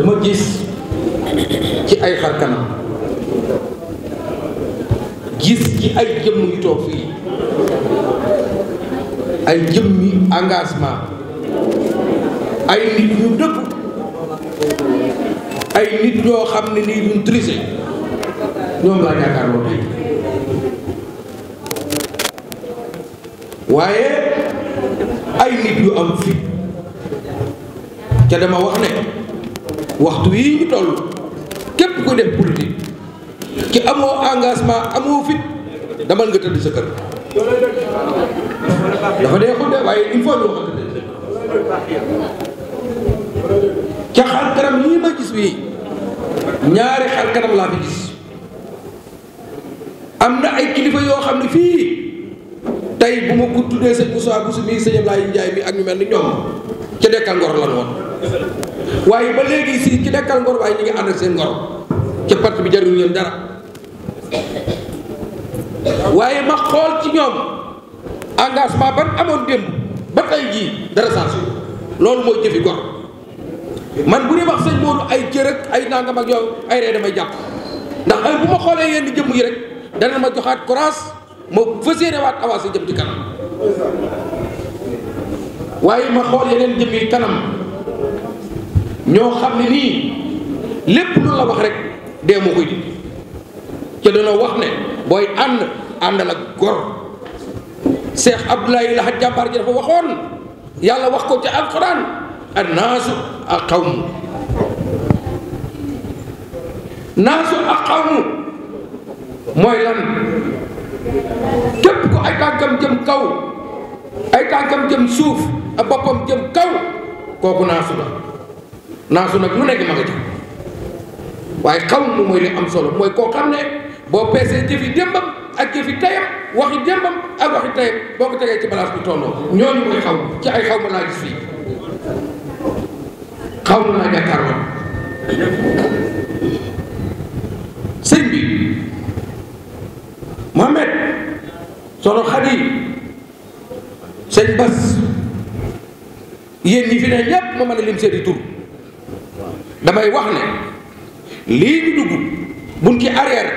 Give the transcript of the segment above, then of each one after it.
dama gis ci ay xar gis ci ay jëmm yu toog fii ay jëmmi engagement ay nit ñu dëpp ay nit ñoo xam ne nii duñ trisé ñoom laa jàkkaarloo tey waaye ay nit yu am fit te dama wax ne waxtu yi ñu toll képp ku def politique ki amoo engagement amoo fit damal nga tëdd sa kër dafa dee xudde waaye il faut ñu wax ca xar kanam ma gis bii ñaari xar kanam laa fi gis am na ay kilifa yoo xam ne fii tey bu ma ko tuddee sëñ Moussa Bousso mii sëñ Ablaye Ndiaye mi ak ñu mel ni ñoom ca dekkal ngor lan woon waaye ba léegi si ci nekkal ngor waaye ñu ngi ànd ak seen ngor ca parti bi jariñu leen dara waaye ma xool ci ñoom engagement ban amoon démb ba tey jii dara saa su loolu mooy jëfi gor man bu dee wax sëñ Modou ay jër ak ay nangam ak yow ay ree damay jàpp ndax ay bu ma xoolee yenn jëmm yi rek dana ma joxaat koraas ma fas yéene waat avancé jëm ci kanam waaye ma xool yeneen jëmm yi kanam. ñoo xam ne nii lépp lu la wax rek dee mu koy di dana wax ne booy ànd àndal ak gor Cheikh Abdoulaye Lahat jàmbaar ji dafa waxoon yàlla wax ko ci alxuraan ak naasu ak xawmu naasu ak xawmu mooy lan képp ko ay tànkam jëm kaw ay tànkam jëm suuf ak boppam jëm kaw kooku naasu la naasu nag lu nekk ma waaye xawul lu mooy li am solo mooy koo xam ne boo peesee jëfi démbam ak jëfi tayam waxi démbam ak waxi tayam boo ko tegee ci balaas bi tolloo ñooñu mooy xaw ci ay xaw ma laa gis fii xaw ma sëñ bi Mohamed sono fi ne ñëpp ma mën a lim seeni tur damay wax ne lii ñu dugg buñ ci arrière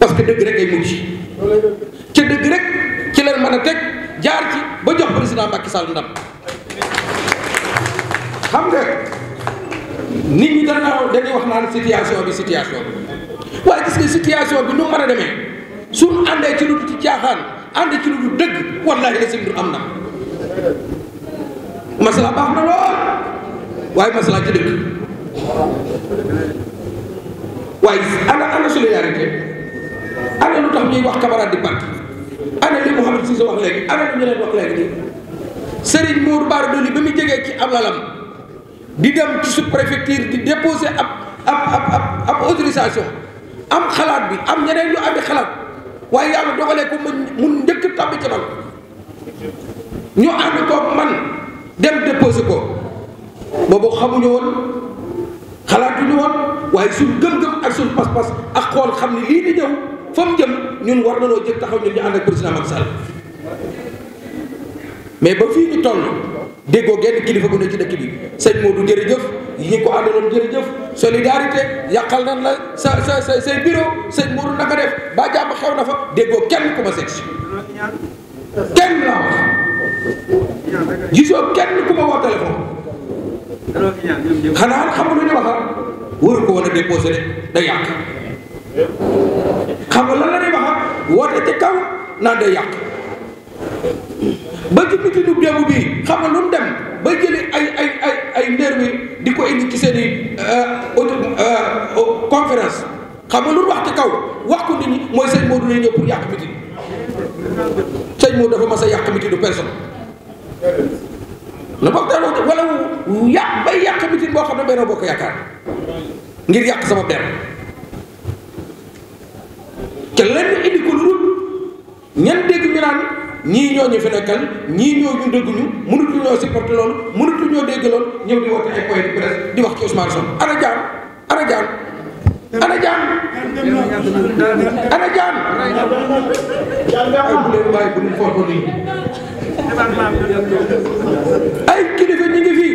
parce que dëgg rek ay mujj ca dëgg rek ci leen mën a teg jaar ci ba jox président Macky Sall ndam xam nga nit ñi dañoo dañuy wax naan situation bi situation bi waaye gis nga situation bi nu mën a demee suñ àndee ci lu ci caaxaan ànd ci lu dëgg wallaahi la si am na masala baax na lool. waaye maslaa ci dëkk waaye ana ana solidarité ana lu tax ñuy wax camarade di parti ana li Mouhamed Cissé wax léegi ana lu ñu leen wax léegi nii Serigne Mour Bara Dolly ba mu jegee ci ab lalam di dem ci sous-préfecture di déposer ab ab ab ab autorisation am xalaat bi am ñeneen ñu amee xalaat waaye yàlla dogalee ko mu mu njëkk tàbbi ci man ñu ànd ko man dem déposer ko. boobu xamuñu woon xalaatuñu woon waaye suñ gëm-gëm ak suñ pas-pas ak xool xam ne lii di ñëw fa mu jëm ñun war na loo jël taxaw ñun ñu ànd ak président Macky Sall mais ba fii ñu toll déggoo genn kilifa bu ne ci bi sëñ Modou jërëjëf yi ñu ko àndaloon jërëjëf solidarité yàqal nan la sa sa sa say bureau sëñ Modou naka def ba jàmm xew na fa déggoo kenn ku ma seet si kenn laa wax gisoo kenn ku ma woo téléphone xanaa xam lu ñu wax wóor ko woon a déposé rek day yàq xam nga lan la ñuy wax woote ci kaw naan day yàq ba ci mitinub démb bii xam nga lu mu dem ba jëli ay ay ay ay di ko indi ci seen i euh, auto euh, conférence xam nga lu mu wax ci kaw wax ko nit ñi mooy sëñ Modou lay ñëw pour yàq mitin sëñ Modou dafa mas a yàq mitin du la bokk daal wala yàq bay yàq mitin boo xam ne Benno Bokk Yaakaar ngir yàq sama benn te lenn indi ko lu dul dégg ñu ñii ñoo ñu fi ñii ñoo dégguñu mënutu ñoo supporté loolu mënutu ñoo dégg ñëw di woote ay point de presse di wax ci Ousmane Sonko ana jaan ana ay kilifa ñu ngi fii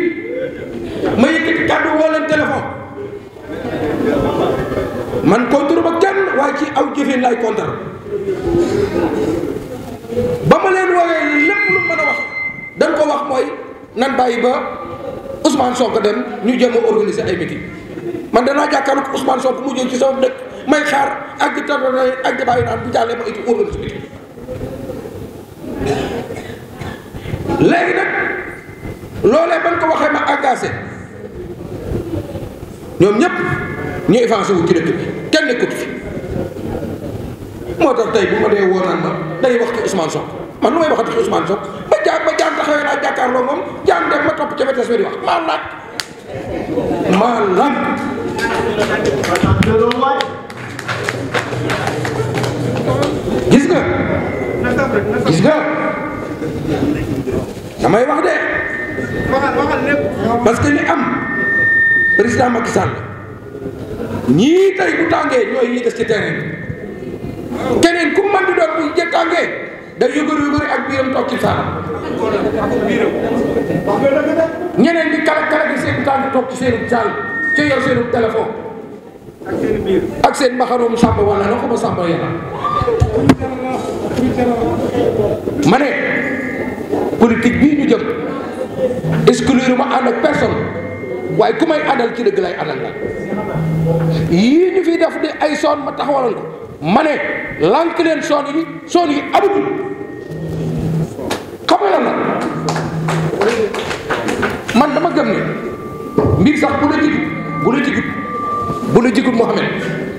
ma yëkkati kàddu woo leen téléphone man contre ba kenn waaye ci aw jëfin lay contre ba ma leen woowee lépp lu mën a wax dañ ko wax mooy nan bàyyi ba Ousmane Sonko dem ñu jéem a organiser ay meeting man danaa jàkkaarloo ko Ousmane Sonko mu jóg ci sama dëkk may xaar ak di tabale ak di bàyyi naan bu jàllee ma it organiser meeting léegi nag loolee ban ko waxee ma engagé ñoom ñëpp ñu avancé wu ci dëkk bi kenn nekkut fi moo tax tey bu ma dee woonaan ma day wax ci Ousmane Sonko man lu may waxati ci Ousmane Sonko ba jaar ba jaar taxawee naa jàkkaarloo moom jaar dem ma topp ca wetes ma di maa laaj maa laaj gis nga gis nga damay wax de. waxal parce que li am président Macky Sall ñii tey bu tàngee ñooy ñi des ci terrain keneen ku man di doon bu jëkkàngee day yëgëru yëgëru ak biiram toog ci saal. ñeneen ñi kala kala seen tànk toog ci seen saal ci yor seen téléphone. ak seen ak seen mbaxaroom sàmba wala na ko ma sàmba yàlla. ma ne politique bi. su ma ànd ak personne waaye ku may àndal ci dëgg lay àndal la yii ñu fi def di ay soon ma taxawaloon ko ma lànk leen soon yi soon yi amatul xam man dama gëm ne mbir sax bu la jigut bu la jigut bu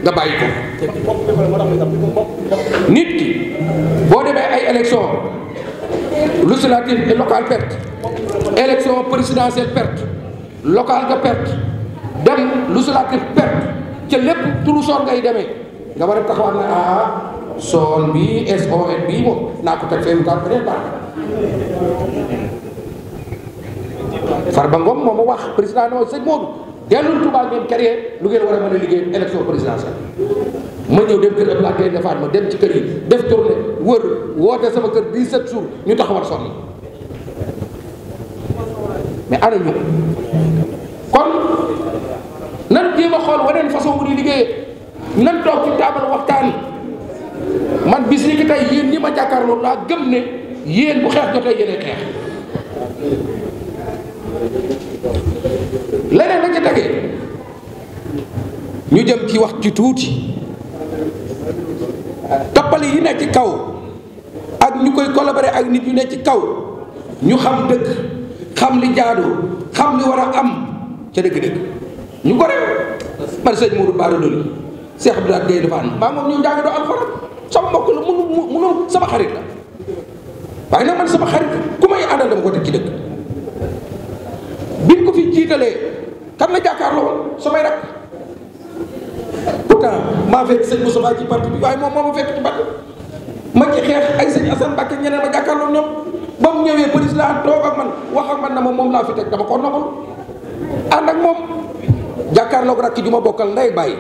nga bàyyi ko nit boo demee ay élection législative et perte élection présidentielle perte locale nga perte dem législative perte ca lépp turu son ngay demee nga war a taxawaat ne ah sool bi SOL bii moom naa ko teg seen kàddu rek Farba Ngom moom a wax président na ma sëñ Modou dellul Touba ngeen lu ngeen war a mën a liggéey élection présidentielle ma ñëw dem kër Abdoulaye Dieng defaat ma dem ci kër yi def tournée wër woote sama kër 17 jours ñu taxawal sonn. mais ana kon nan jéem xool waneen façon bu di liggéeyee nan toog ci taabal waxtaan man bis ni ki tey yéen ñi ma jàkkaarloo laa gëm ne yéen bu xeex jotee yéenay xeex leneen la ca ñu jëm ci wax ci tuuti tappale yi ne ci kaw ak ñu koy collaborer ak nit yu ne ci kaw ñu xam dëkk xam li jaadu xam li war a am ca dëgg-dëgg ñu ko réew man sëñ Mourou Bara Dolly Cheikh Abdoulaye Gueye dafa am maa moom ñu jàng doo sama mbokk la munu munu sama xarit la waaye nag man sama xarit ku may àndal dama ko teg ci dëgg biñ ko fi jiitalee kan la jàkkaarloo samay rak pourtant maa fekk sëñ Moussa ci parti bi waaye moom moo a fekk ci parti ma ci xeex ay sëñ Assane Mbacke ñeneen ma jàkkaarloo ñoom ba mu ñëwee président toog ak man waxam man na ma moom laa fi teg dama ko nobal ànd ak moom jàkkaarloog rakk ju ma bokkal ndey bàyyi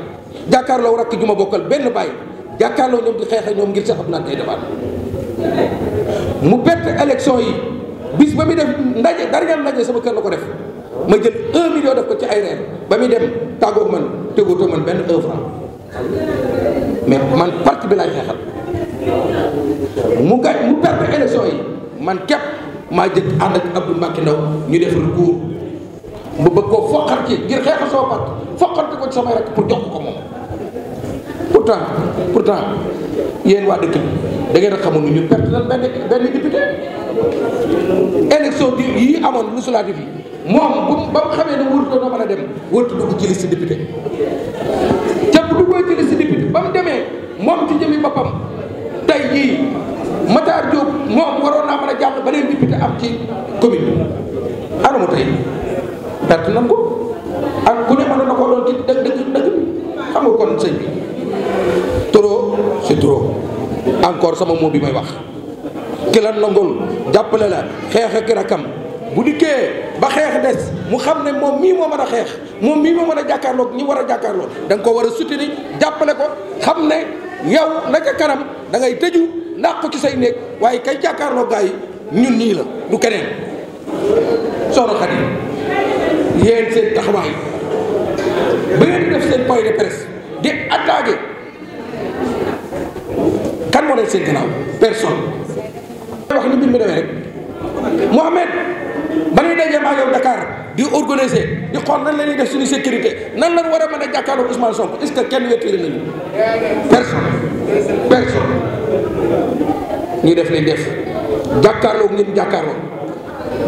jàkkaarloog rakk ju ma bokkal benn bàyyi jàkkaarloo ñoom di xeex ak ñoom ngir Cheikh Abdou Lahad Gaïndé Fatma mu bett élection yi bis ba muy def ndaje dara ndaje sama kër la ko def ma jël un million def ko ci ay reer ba muy dem tàggoog man tëggatoo man benn un mais man parti bi laay xeexal mu gañ mu perte élection yi. man képp maa jëkk ànd ak Abdou Mbacke ñu def recours mu ba koo foqar ci ngir xeexal sama parti foqarti ko ci samay rek pour jox ko moom pourtant pourtant yéen waa dëkk bi da ngeen a xamoon benn benn député élection di yi amoon législative yi moom bu ba mu xamee ne wurtu doo mën a dem wurtu dugg ci liste député ca bu duggoo ci liste député ba mu demee moom ci jëmi boppam tey jii Matar Diop moom waroon naa mën a jàpp beneen député am ci commune bi anuma tey perte nan ko am ku ne mënoon na ko doon ci dëgg dëgg dëgg encore sama mot bi may wax ki la jàppale la xeex ak rakam bu dikkee ba xeex des mu xam ne moom mii moo mën a xeex moom mii moo mën a jàkkaarloog ñi war a jàkkaarloog danga nga ko war a soutenir jàppale ko xam ne yow naka kanam da tëju làqu ci say néeg waaye kay jàkkaarloo gaa yi ñun nii la du keneen soxna Xadi yéen seen taxawaay ba ngeen def seen point de presse di attaqué kan moo leen seen gannaaw personne wax ni mbir mi demee rek Mohamed ba ñuy dajee maa yow Dakar di organiser di xool nan la ñuy def suñu sécurité nan lañ war a mën a jàkkaarloo Ousmane Sonko ma ce que kenn wettali nañu personne personne ñu def li def jàkkaarloog ñun jàkkaarloo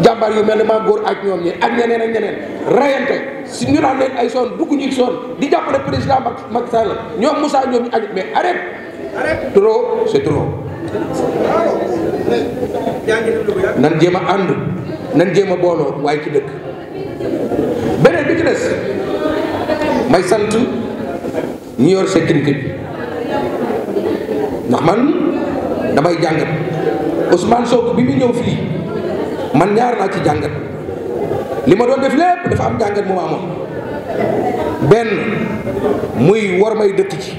jàmbaar yu mel ne maa góor ak ñoom ñi ak ñeneen ak ñeneen rayante si ñu naan leen ay son dugg ñu son di jàppale président Macky Sall ñoom Moussa ñoom ñu añu mais arrête trop c'est nan jéem a ànd nan jéem a booloo waaye ci dëkk beneen bi ci des may sant ñu yor sécurité bi ndax man damay jàngat Ousmane Sonko bi ñu ñëw fii man ñaar naa ci jàngat li ma doon def lépp dafa am jàngat mu ma amoon benn muy war may dëkk ci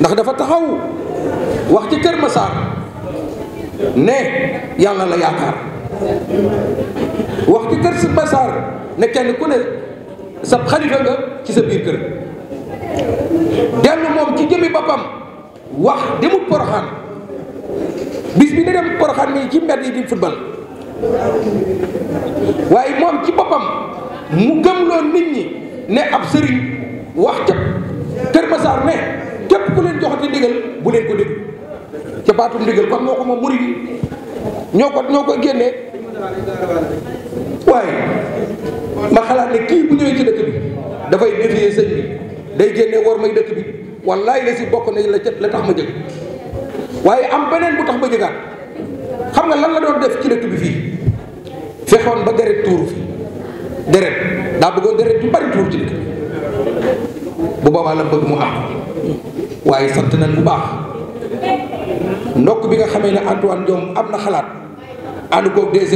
ndax dafa taxaw wax ci Kër Massar ne yàlla la yaakaar wax ci Kër si Massar ne kenn ku ne sa xalifa nga ci sa biir kër dellu moom ci jëmi boppam. wax demul poroxaan bis bi nga dem poroxaan nii ci mbedd yi di football waaye moom ci boppam mu gëmloo nit ñi ne ab sëriñ wax ca Kër Massar ne képp ku leen joxati ndigal bu leen ko dégg ca baatum ndigal kon moo ko moom murid yi ñoo ko ñoo ko génnee waaye ma xalaat ne kii bu ñëwee ci dëkk bi dafay défier sëñ bi day génnee war may dëkk bi wallaay la si bokk na la ca la tax ma jëg waaye am beneen bu tax ma jëgaat xam nga lan la doon def ci dëkk bi fii fexoon ba deret tuuru fi deret daa bëggoon deret bu bari tuur ci dëkk bu boobaa la bëgg mu am waaye sant nañ bu baax ndokk bi nga xamee ne Antoine Diome am na xalaat ànd koog DG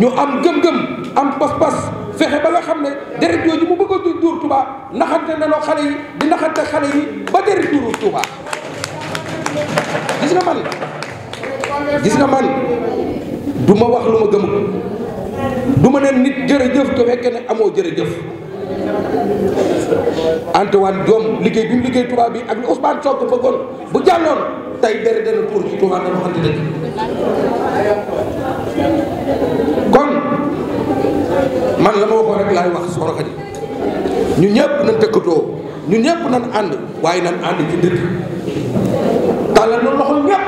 ñu am gëm-gëm am pas-pas fexe ba nga xam ne deret jooju mu bëgg bëgg tuur Touba naxante nanoo xale yi di naxante xale yi ba deri tuuru Touba gis nga man gis nga man du ma wax lu ma gëm du ma ne nit jëf te fekkee ne amoo jërëjëf Antoine Diome liggéey bi mu liggéey Touba bi ak li Ousmane Sonko bëggoon bu jàlloon tey dere dana tuur ci Touba dana waxante ma waxoon rek laay ñu ñëpp nañ tëkkatoo ñun ñëpp nañ ànd waaye nañ ànd ci dëgg tàllal na loxo ñëpp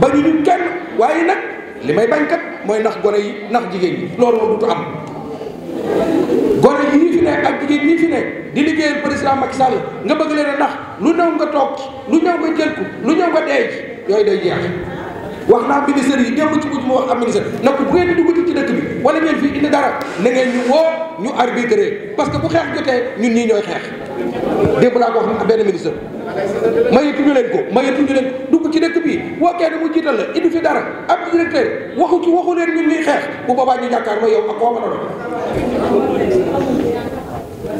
bañu ñu kenn waaye nag li may bañkat mooy nax gone yi nax jigéen ñi loolu moom dutu am gone yi fi ne ak jigéen ñi fi nekk di liggéeyal président Macky Sall nga bëgg leen a lu ñëw nga toog lu ñëw nga jël ko lu ñëw nga dee ci yooyu day jeex wax naa ministère yi démb ci mujj ma wax am ministère na ko bu ngeen di duggati ci dëkk bi wala ngeen fii indi dara na ngeen ñu woo ñu arbitré parce que bu xeex jotee ñun ñii ñooy xeex démb laa ko wax na benn ministre mayatuñu leen ko mayatuñu leen dugg ci dëkk bi woo kenn mu jiital la indi fi dara ab directeur waxu ci waxu leen ñun muy xeex bu boobaa ñu jàkkaar ma yow ak koo mën a doon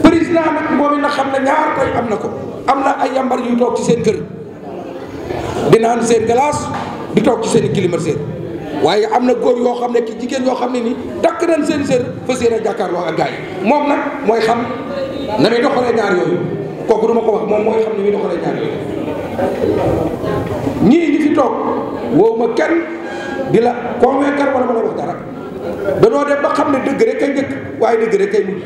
président nag moom it nag xam na ñaar koy am na ko am na ay yambar yu toog ci seen di naan seen glace di toog ci seen i climatiseur waaye am na góor yoo xam ne ki jigéen yoo xam ne ni dakk nañ seen sër fas yéene jàkkaarloo ak gars yi moom nag mooy xam na muy doxalee ñaar yooyu kooku du ko wax moom mooy xam ne muy doxalee ñaar yooyu ñii ñi fi toog woowu ma kenn di la convaincre wala ma la wax dara danoo dem ba xam ne dëgg rek kay njëkk waaye dëgg rek kay mujj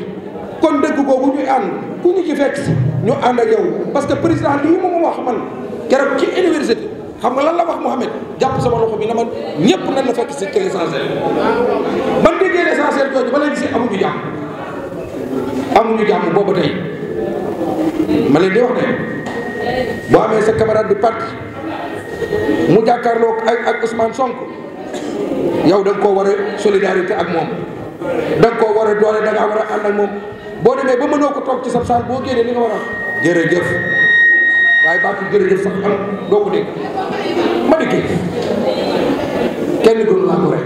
kon dëgg googu ñuy ànd ku ñu ci fekk si ñu ànd ak yow parce que président lii moom wax man keroog ci université xam nga lan la wax Mouhamed jàpp sama loxo bi na man ñëpp nañ la fekk si ci l'essentiel man déggee l'essentiel jooju ba léegi si amuñu jàmm amuñu jàmm boobu tey ma leen di wax ne boo amee sa camarade du parti mu jàkkaarloo ak ak Ousmane Sonko yow da nga koo war a solidarité ak moom da koo war a doole da war a ànd ak moom boo demee ba mënoo ko toog ci sab saal boo génnee li nga war a jërëjëf waaye baatu jërëjëf sax am doo ko ma dégg kenn gënu laa ko rek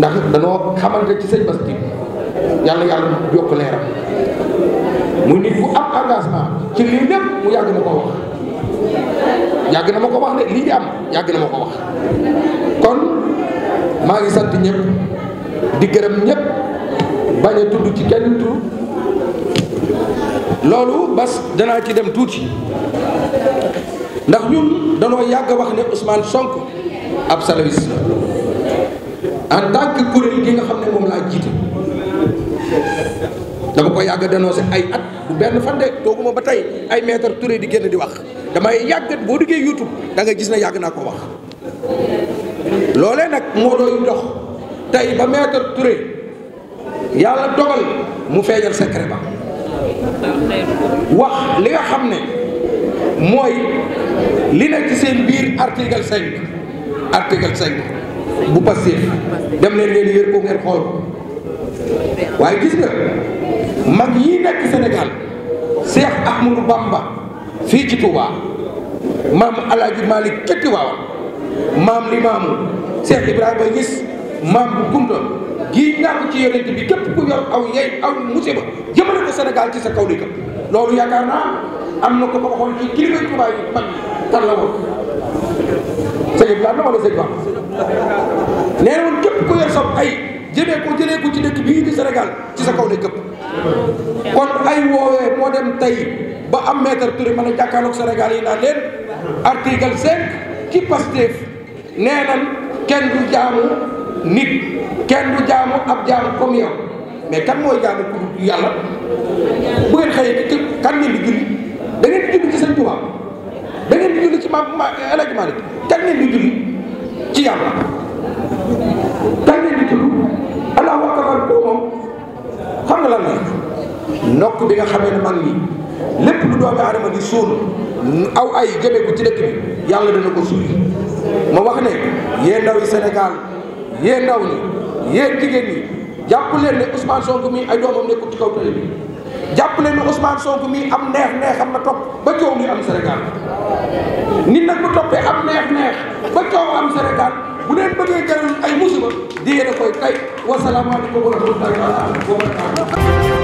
ndax danoo xamante ci sëñ Bass yàlla yàlla yokk leeram muy nit bu am engagement ci lii lépp mu yàgg na ko wax yàgg na ma ko wax ne lii di am yàgg na ma ko wax kon maa ngi sant ñëpp di gërëm ñëpp bañ tudd ci kenn tur loolu bas danaa ci dem tuuti ndax ñun danoo yàgg a wax ne Ousmane Sonko ab salafiste la en tant que kuréel nga xam ne moom laa jiite dama ko yàgg a dénoncé ay at bu benn fan de tooguma ba tey ay maître ture di génn di wax damay yàggat boo duggee YouTube da gis ne yàgg naa ko wax loolee nag moo doon dox tey ba maître Touré yàlla dogal mu feeñal secret ba wax li nga xam ne mooy li nekk ci seen biir article cinq article cinq bu Pastef dem leen ngeen wér ngeen xool waaye gis nga mag yi nekk Sénégal Cheikh Ahmadou Bamba fii ci Touba maam Alaaji Malick ketti waawan maam limaamu Cheikh Ibrahima Niass maam bu Kunta gii naa ko ci yonent bi képp ku yor aw yey aw musiba jëmale ko Sénégal ci sa kaw di këpp loolu yaakaar naa am na ko ko waxoon ci kilifa Tuubaa yi bi laa na wala sëñ ba nee woon képp ku yor sa ko jëlee ci dëkk bii di ci sa kaw di këpp kon ay woowee moo dem tey ba am a jàkkaarloog Sénégal yi naan kenn du jaamu nit kenn du jaamu ab jaamu comme yow mais kan mooy jaamu ku yàlla bu ngeen xëyee ci kan ngeen di julli da ngeen di ci sëñ Tuubaa da ngeen di julli ci maam El Hadj Malick kan ngeen di julli ci yàlla kan ngeen di tudd allahu akbar boobu moom xam nga lan la nokk bi nga xamee ne man nii lépp lu doomi aadama di suul aw ay jëmee ko ci dëkk bi yàlla dana ko suul ma wax ne yéen ndaw yi Sénégal yéen ndaw ñi yéen jigéen ñi jàpp leen ne Ousmane Sonko mii ay doomam nekkul ci kaw télé bi jàpp leen ne Ousmane Sonko mii am neex neex na topp ba coow li am Sénégal nit nag bu toppee am neex neex ba coow am Sénégal bu leen bëggee jaral ay musiba di yéen a koy tey wasalaamaaleykum wa rahmatullahi wa barakatuh